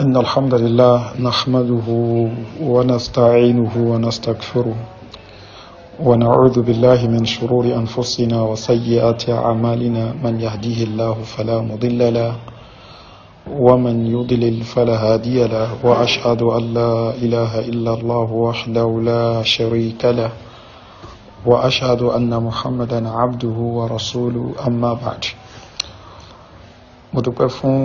إن الحمد لله نحمده ونستعينه ونستغفره ونعوذ بالله من شرور أنفسنا وسيئات أعمالنا من يهديه الله فلا مضل له ومن يضلل فلا هادي له وأشهد أن لا إله إلا الله وحده لا شريك له وأشهد أن محمدا عبده ورسوله أما بعد mo dúpẹ́ fún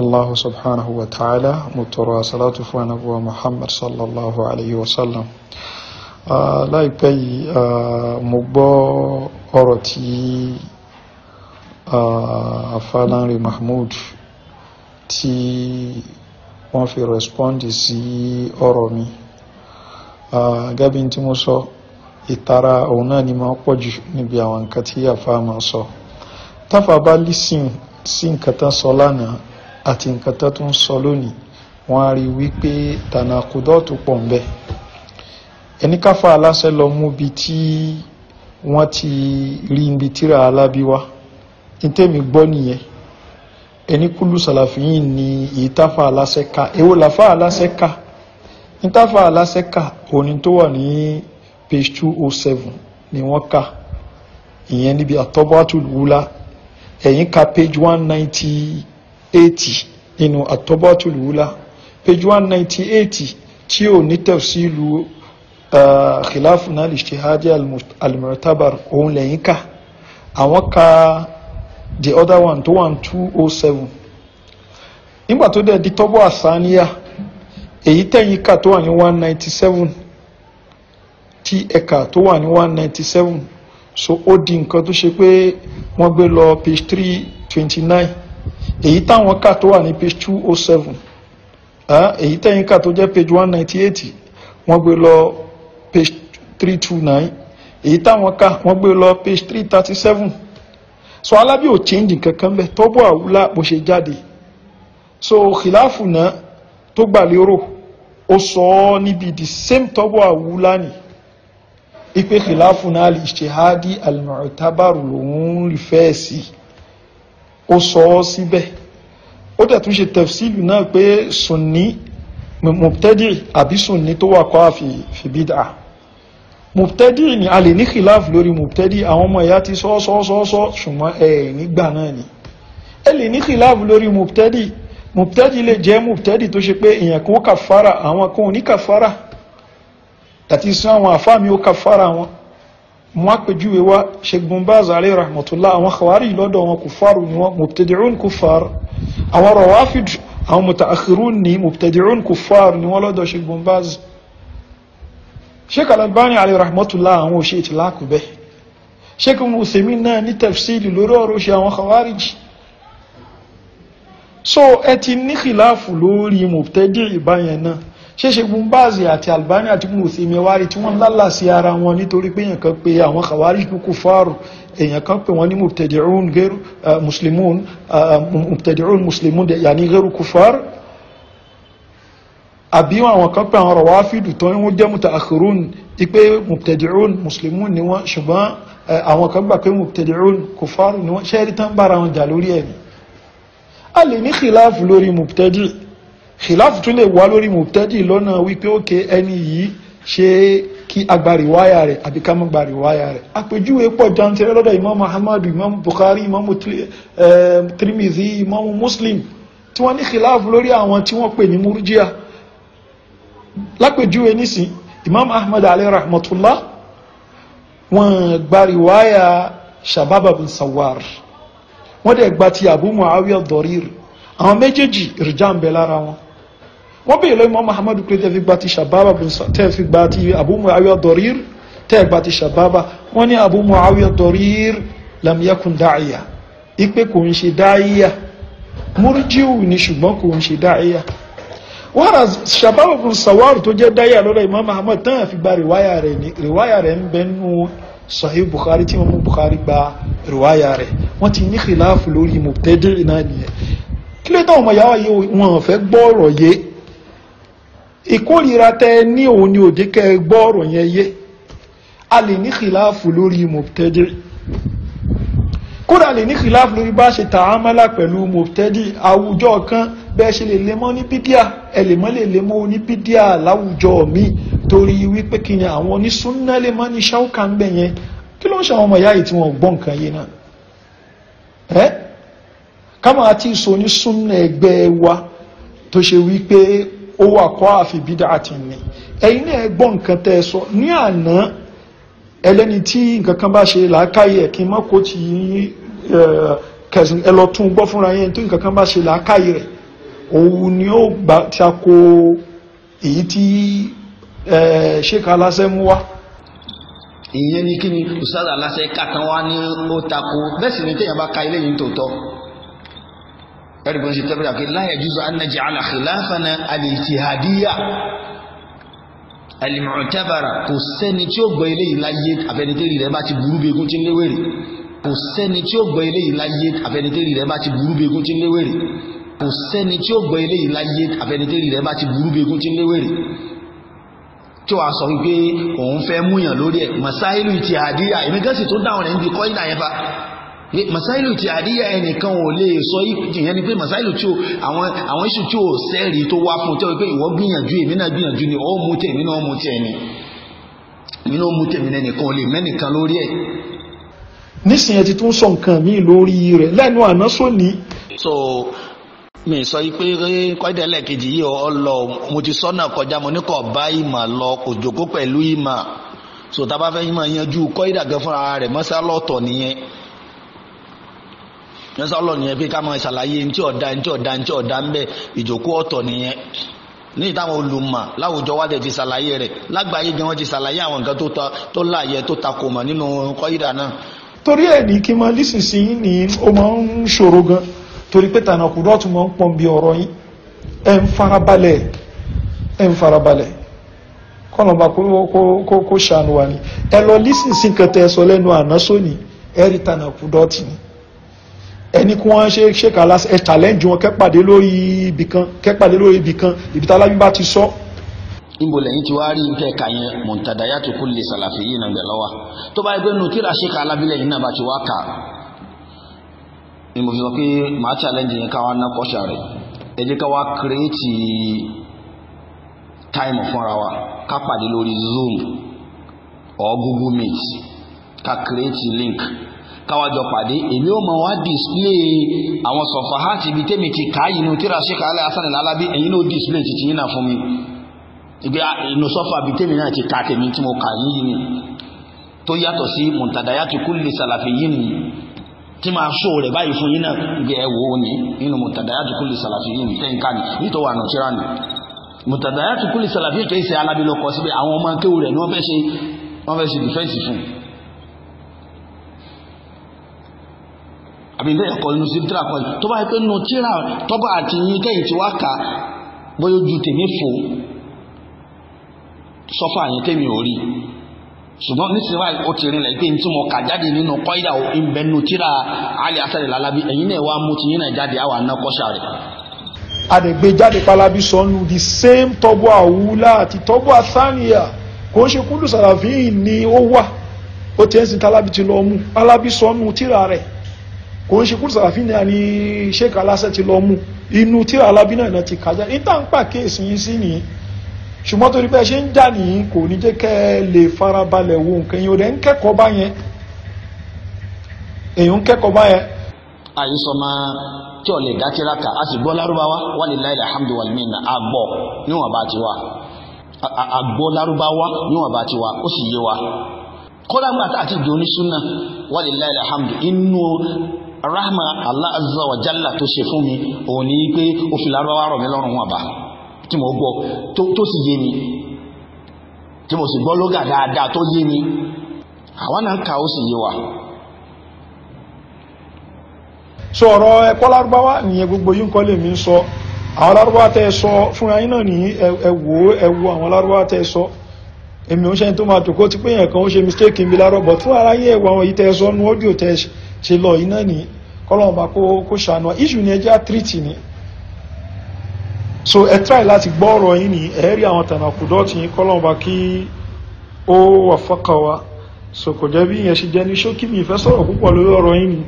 allahu subhanahu wa ta'ala mo tọrọ asalatu fún anabuwa muhammad sallallahu alayhi wa sallam láìpẹ́ yìí mo gbọ́ ọ̀rọ̀ tí afalanri mahmood tí wọ́n fi rẹ́spọ́ndì sí ọ̀rọ̀ mi gẹ́bí tí mo sọ ìtara òun náà ni máa pọ̀ jù níbi àwọn nǹkan tí àfa máa sọ táfà bá lísìn sí nǹkan tán sọ lánàá àti nǹkan tán tún sọ lónìí wọ́n á rí wípé tànàkùdọ́ọ̀tù pọ̀ ń bẹ ẹni káfà aláṣẹ lọ mú bi tí wọ́n ti rí ibi tíra alábíwá ìtẹ́mi gbọ́ nìyẹn ẹni kúlù sàlàfíyìn ni ìtafà aláṣẹ ká èwo làfà aláṣẹ ká ìtafà aláṣẹ ká òní tó wà ní page two oh seven ni wọ́n ká ìyẹn níbi àtọ́bọ́tù wúlá ẹ̀yin ka page one ninety eighty nínú àtọ́bọ́tòlù la page one ninety eighty tí ò ní tafsilu uh, khilafuna al-ijtihadi al-mu'tabar òun lẹ́yìn ká àwọn ka the other one tó wà two oh seven nígbà tó dẹ̀ di tọ́bọ̀ àsáníyà èyí tẹ̀yìn ká tó wà ní one ninety seven tí ẹ̀ka tó wà ní one ninety seven so ó di nǹkan tó ṣe pé wọ́n gbé lọ page three twenty nine èyí táwọn kà tó wà ní page two oh seven èyí tẹ̀yìn kà tó jẹ́ page one ninety eight wọ́n gbé lọ page three two nine èyí táwọn kà wọ́n gbé lọ page three thirty seven so alábí ò change kankan bẹ́ẹ̀ tọ́bọ̀ àwùlá bó ṣe jáde so khilafu náà tó gbà lérò ó sọ ọ́ níbi the same tọ́bọ̀ àwùlá ni ipe khilafuna al-ijtihadi al-mu'tabaru lòun rí fẹ́ sí ó sọ ọ́ síbẹ̀ ó dẹ̀ tún ṣe tafsilu náà pé sunni mubtadi àbí sunni tó wà kọ́ fi bid'a mubtadi ni a lè ní khilaf lórí mubtadi àwọn ọmọ ìyá ti sọ́ọ́sọ́ọ́sọ́ ṣùgbọ́n ẹ̀ nígbà náà ni ẹ lè ní khilaf lórí mubtadi mubtadi lè jẹ́ mubtadi tó ṣe pé èèyàn kan kàfàrà àwọn kan ní kàfàrà that is àwọn àfáàmì ó kàfàrà wọn mú àpèjúwe wá Sheikh Bin Baz alayhi rahmatullah àwọn khawarij lọ́dọ̀ wọn kuffaru ni wọn mubtadi'un kuffar àwọn rawafid àwọn mutaakhirun ni mubtadi'un kuffar ni wọn lọ́dọ̀ Sheikh Bin Baz Sheikh Al-Albani alayhi rahmatullah àwọn ò ṣe ìtìlákù bẹ́ẹ̀ Sheikh Uthaymin náà ní tafsiri lórí ọ̀rọ̀ ṣe àwọn khawarij so ẹ ti ní khilafu lórí mubtadi' ìbáyẹn náà ṣéṣe gun báàzì àti albani àti mùsùlùmí wárí tí wọ́n lálà sí ara wọn nítorí pé èèyàn kan pé àwọn kàwárí kúkú fáàrù èèyàn kan pé wọ́n ní mubtadi'un gẹ́rù eh, mùsùlùmún eh, mubtadi'un mùsùlùmún yàní gẹ́rù kúfàr àbí àwọn kan pé àwọn rawāfidu tó ń jẹ́ muta'akhirun ipé mubtadi'un mùsùlùmún ni wọ́n ṣùgbọ́n eh, àwọn kan gbà pé mubtadi'un kúfàr ni wọ́n ṣẹ́rí tán bára wọn jà lórí ẹ̀mí a lè ní khilaf lórí mubtadi' khilaf tún lè wá lórí mùtẹ́dì lọ́nà wípé ókè ẹni yìí ṣe kí agbárí wáyà rẹ̀ àbí ká mọ́ gbárí wáyà rẹ̀ àpèjúwe pọ̀ jantere lọ́dọ̀ imam muhammadu imam bukhari imam eh, tirmidhi imam muslim tí wọ́n ní khilaf lórí àwọn tí wọ́n pè ní murjia lápèjúwe nísìn imam ahmad alayhi rahmatullah wọ́n gbárí wáyà shabab bin sawar wọ́n dẹ̀ gba ti abu muawiya dorir àwọn méjèèjì ìrìjà ń bẹ lára wọn wọ́n bèèrè lọ́wọ́ Imam Muhammadu pé tẹ́ẹ̀ gba ti Shababa tẹ́ẹ̀ fi gba ti Abu Muawiya Darir tẹ́ẹ̀ gba ti Shababa wọ́n ní Abu Muawiya Darir lam yakun da'iya ipe kò ń ṣe da'iya murjiu ni ṣùgbọ́n kò ń ṣe da'iya wàrà Shababa bin Sawar tó jẹ́ da'iya lọ́dọ̀ Imam Muhammad tán àfi gba rìwáyà rẹ̀ ní rìwáyà rẹ̀ ń bẹ nínú Sahih Bukhari tí Imam Bukhari gba rìwáyà rẹ̀ wọ́n ti ní khilafu lórí mubtadi' náà nìyẹn kí ló dé ọmọ yàrá yìí wọn fẹ́ gbọ́ ọ̀rọ̀ yìí ìkórìíra tẹ ní òun ni òde kẹ gbọ́ọ̀rọ̀ yẹn yé a lè ní kìláàfù lórí mọ̀tẹ́dì kódà lè ní kìláàfù lórí bá ṣe tààmálà pẹ̀lú mọ̀tẹ́dì àwùjọ kan bẹ́ẹ̀ ṣe lè lé ní bídíà ẹ lè mọ́ lè lé ní bídíà láwùjọ mi torí wípé kí ni àwọn onísúnná lè mọ́ ní ṣáúkà ń bẹ̀ yẹn kí ló ń ṣe àwọn ọmọ ìyá yìí tí wọ́n gbọ́ nǹkan yé náà ẹ́ ká máa ti sọ onísúnná ẹgbẹ́ wa tó ṣe wípé ó wà kọ́ àfi bídà àti ní ẹ̀yin náà gbọ́ nǹkan tẹ́ ẹ sọ ní àná ẹlẹ́ni tí nǹkan kan bá ṣe làákàyè ẹ̀ kí n má kó ti kẹsìn ẹ lọ tún gbọ́ fúnra yẹn tó nǹkan kan bá ṣe làákàyè rẹ̀ òun ni ó gbà tí a kó èyí tí ṣéka aláṣẹ mú wá ìyẹn ni kí ni òṣàlà aláṣẹ kàkan wá ní ó tako bẹ́ẹ̀ sì ni téèyàn bá ka ilé yìí tòótọ́ ẹ̀rìgbẹ́ ṣe tẹ́bẹ̀rẹ̀ àkí láyẹ̀ jùzọ annájì aláhìláfánà alìtìhàdíyà alìmọ̀tẹ́bàrà kò sẹ́ni tí ó gbọ́ ilé ìláyé àfẹnitẹ́rì rẹ̀ bá ti burú bí egún tí ń léwèrè kò sẹ́ni tí ó gbọ́ ilé ìláyé àfẹnitẹ́rì rẹ̀ bá ti burú bí egún tí ń léwèrè kò sẹ́ni tí ó gbọ́ ilé ìláyé àfẹnitẹ́rì rẹ̀ bá ti burú bí egún tí ń léwèrè tí wàá sọ wípé òun fẹ́ múyàn lórí ẹ̀ masáìlú ìtìhàdíyà èmi gẹ́sì tó dáhùn rẹ̀ ń bi kọ́ ìdá masáìlù tí àríyá ẹnìkan ò lè sọ ìyẹn ni pé masáìlù tí àwọn àwọn iṣu tí ò sẹ́rì tó wá fún tẹ́wọ́ pé ìwọ gbìyànjú èmi náà gbìyànjú ni ó mú tèmi náà mú tèmi èmi náà mú tèmi nẹnìkan ò lè mẹ́nìkan lórí ẹ̀. nísìnyẹn ti tún sọ nǹkan mi lórí rẹ̀ lẹ́nu àná sóní. so mi sọ pé kọ́dẹ̀lẹ̀ kejì yìí ọ lọ mo ti sọ́nà kọjá mo ní kọ̀ bá ìmọ̀ lọ kò pẹ̀lú ìmọ̀ so tá a bá fẹ́ ìmọ̀ yanjú kọ́dà gan fúnra rẹ̀ mọ́sálọ́tọ̀ nìyẹn yẹnsa ọlọ nìyẹn pé ká máa ṣàlàyé ntí ọ̀dà ntí ọ̀dà ntí ọ̀dà ń bẹ ìjókòó ọ̀tọ̀ nìyẹn ní ìtàwọn olùmọ̀ láwùjọ wa dẹ̀ ti ṣàlàyé rẹ̀ lágbàáyé gan wọn ti ṣàlàyé àwọn nǹkan tó ta tó láàyè tó ta kò mọ̀ nínú kọ́ídà náà. torí ẹ̀ ní kí n máa lísinsìnyí ni ó máa ń ṣòro gan torí pé tànà kúrò tún máa ń pọ́n bí ọ̀rọ̀ yín ẹ̀ ń farabalẹ̀ ẹ̀ ń farabalẹ̀ kọ́nàmà kó ṣàánú wa ni ẹ lọ lísinsìn kẹtẹ ẹ sọ lẹ́nu àná sóni ẹ̀ rí tànà kúrò tì ní ẹni kí wọ́n ṣe ṣe kàlá ẹ challenge wọn kẹ́pàdé lórí ibì kan kẹ́pàdé lórí ibì kan ibi tá alábí bá ti sọ. níbo lẹ́yìn tí wàá rí nǹkan ẹ̀ka yẹn muntadayatu kulli salafiyyin náà gbẹ̀ lọ́wọ́ tó bá yẹ pé nù tíra ṣe kàlá bí lẹ́yìn náà bá ti wá kà ni mo fi sọ pé màá challenge yẹn káwa ná kọ́ṣà rẹ̀ ẹ jẹ́ káwa create time fúnra wa ká pàdé lórí zoom or google meet ká create link káwájọ pàdé èmi ó mọ wá display àwọn sọfahàtì ibi tẹ́mi ti ká yìí nu tíra ṣe kàálẹ̀ asánì lálábí ẹ̀yin ló display ti tiyín náà fún mi ìgbé inú sọfà ibi tẹ́mi náà ti ká tèmi tí mo kà yìí ni tó yàtọ̀ sí mùtàdáyàtì kúlì sàlàfì yìí ni tí máa sọ rẹ̀ báyìí fún yín náà gbé ẹ wò ó ní nínú mùtàdáyàtì kúlì sàlàfì yìí ni tẹ́ǹkà ni nítorí wà nù tíra ni mùtàdáyàtì kúlì sàlàfì kì í àbí bẹ́ẹ̀ kọ́ inú sí tíra kọ́ tó bá yẹ pé nínú tíra tọ́ba àti yín tẹ́yìn tí wá kà bóyá ojú tèmi fò sọ́fà yẹn tèmi ò rí ṣùgbọ́n nísìnyí wáyé ó ti rinlẹ̀ pé tí mo kà jáde nínú kọ́ídà ìbẹ̀nu tíra alẹ́ asẹ́rẹ̀ lálábí ẹ̀yin náà wá mú ti yín náà jáde àwọn àna kọ́ṣà rẹ̀. àdègbè jáde pálábí sọnù the same tọ́bù àwùlá àti tọ́bù àsáníyà kò ń ṣe kúndùsàràfíìn ni ó wà ó ti ń sin tálábí ti lọ mú pálábí sọnù tíra rẹ̀ kò ń ṣe kúrò sàràfí náà ni sheik ti lọ mú inú tíra alábí náà ti kájá níta ń pàkíyèsí yín sí nìyí ṣùgbọ́n torí pé ẹ ṣe ń jà nìyí kò ní jẹ́ kẹ́ ẹ lè farabalẹ̀ wo nǹkan yín ó dẹ̀ ń kẹ́kọ̀ọ́ bá yẹn ń kẹ́kọ̀ọ́ bá lárúbáwá wà ní lárúbáwá níwọ̀n rahma Allah azza wa jalla tó ṣe fún mi òun ni pe ó fi lárúbáwá rọ̀ mí lọ́rùn wọn bá tí mo gbọ́ to si ye mi ti mo sì gbọ́ gada dáadáa si ye mi àwa náà kà ó wa so gbogbo mi so àwọn fún ayín náà ní awon ẹwò àwọn lárúbáwá tẹ́ sọ èmi se n to ma to tòkó ti pé yẹn kan ó ṣe mistake mi ara ṣe lọ iná ní kọ́lọ́wọ́n bá kó ṣàánú iṣu ni ẹjẹ́ àtìrìtì ni so ẹ tíráì láti gbọ́ ọ̀rọ̀ yín ní ẹ̀ẹ́rí àwọn tànàkùdọ́tì yín kọ́lọ́wọ́n bá kí ó wà fọ́kà wa so kò jẹ́ bí yẹn ṣe jẹ́ ní ṣókí mi ìfẹ́ sọ̀rọ̀ púpọ̀ lórí ọ̀rọ̀ yín ní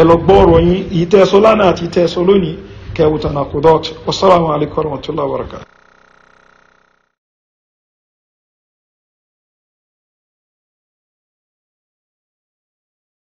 ẹ lọ gbọ́ ọ̀rọ̀ yín ìtẹ́sọ lánàá àti ìtẹ́sọ lónìí kẹwù tànàkùdọ́tì wassalamu alaikum warahmatullahi wabarakatuh